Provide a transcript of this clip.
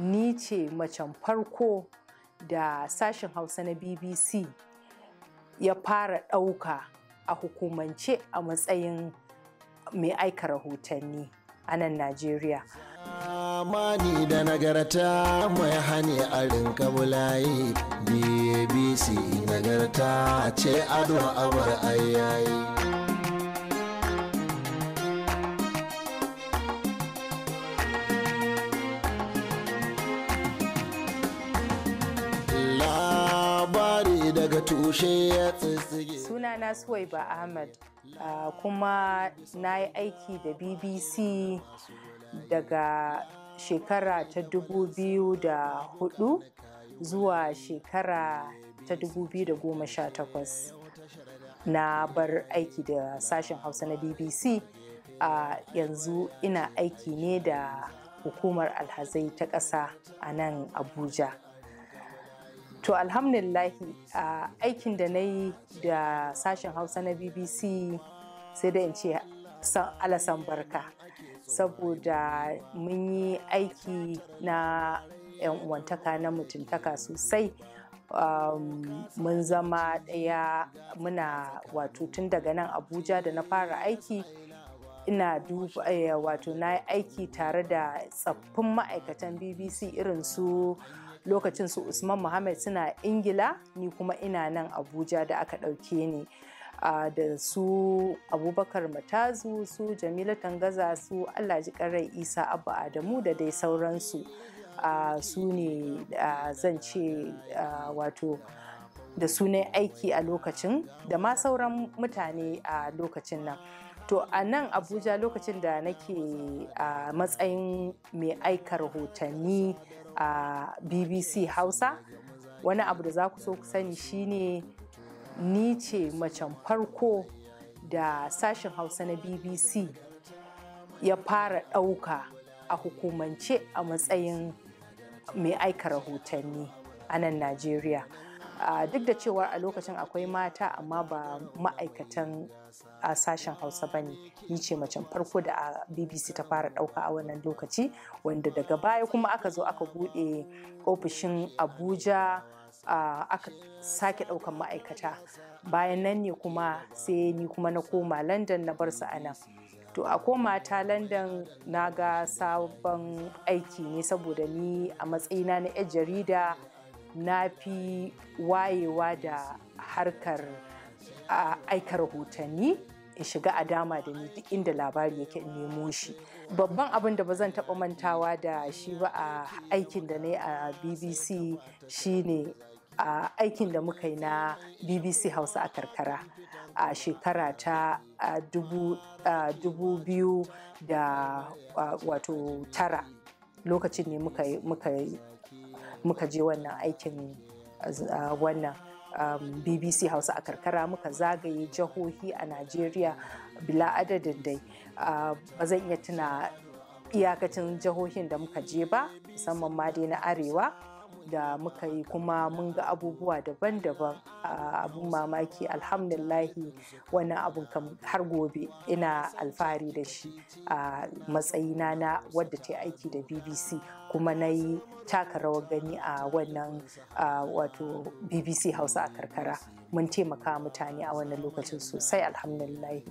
ni ce macen farko da sashen hausa na bbc ya fara ɗauka a hukumance a matsayin mai aika rahotanni a nan najeriya amani da nagarta mai hane a rinka bulayi bbc nagarta ce ado abar ayayi tushe suna na suwaiba ahmad kuma na yi aiki da bbc daga shekara ta 2004 zuwa shekara ta 2018 na bar aiki da sashen hausa na bbc a yanzu ina aiki ne da hukumar alhazai ta ƙasa a nan abuja To alhamdulillahi aikin da na yi da sashen Hausa na BBC sai da in ce alasan barka saboda mun yi aiki na 'yan uwantaka na mutuntaka sosai mun zama ɗaya muna wato tun daga nan abuja da na fara aiki ina duba eh, wato na aiki tare da tsaffin ma'aikatan bbc irin su lokacin su usman muhammad suna ingila ni kuma ina nan abuja da aka ɗauke ni da su abubakar matazu su jamila tangaza su allah ji karai isa abba adamu da dai sauransu su ne zan ce wato da sunan aiki a lokacin da ma sauran mutane a lokacin nan to a nan abuja lokacin da nake a matsayin mai aika rahotanni a bbc hausa wani abu da za ku so ku sani shine ni ce macen farko da sashen hausa na bbc ya fara ɗauka a hukumance a matsayin mai aika rahotanni a nan najeriya duk da cewa a lokacin akwai mata amma ba ma'aikatan a sashen hausa ba ne ni ce macen farko da a bbc ta fara ɗauka a wannan lokaci wanda daga baya kuma aka zo aka bude ofishin abuja aka sake ɗaukan ma'aikata bayan nan ne kuma sai ni kuma na koma london na bar su a nan to a koma ta london na ga sabon aiki ne saboda ni a matsayina na 'yan jarida na fi wayewa da harkar aika rahotanni in shiga a dama da ni duk inda labari yake in nemo shi babban abin da ba zan taɓa mantawa da shi ba a aikin da na yi a bbc shine a aikin da muka yi na bbc hausa a karkara a shekara ta dubu biyu da wato tara lokacin ne muka yi muka je wannan aikin wannan um, bbc hausa a karkara muka zagaye jihohi a najeriya bila adadin dai ba zan iya tuna iyakacin jihohin da muka je ba musamman ma dai na arewa da muka yi kuma mun ga abubuwa daban-daban a abun mamaki alhamdulillahi wani abun har gobe ina alfahari da shi a matsayina na wadda ta aiki da bbc kuma na yi taka rawar gani a wannan wato bbc hausa a karkara mun taimaka mutane a wannan lokacin sosai alhamdulahi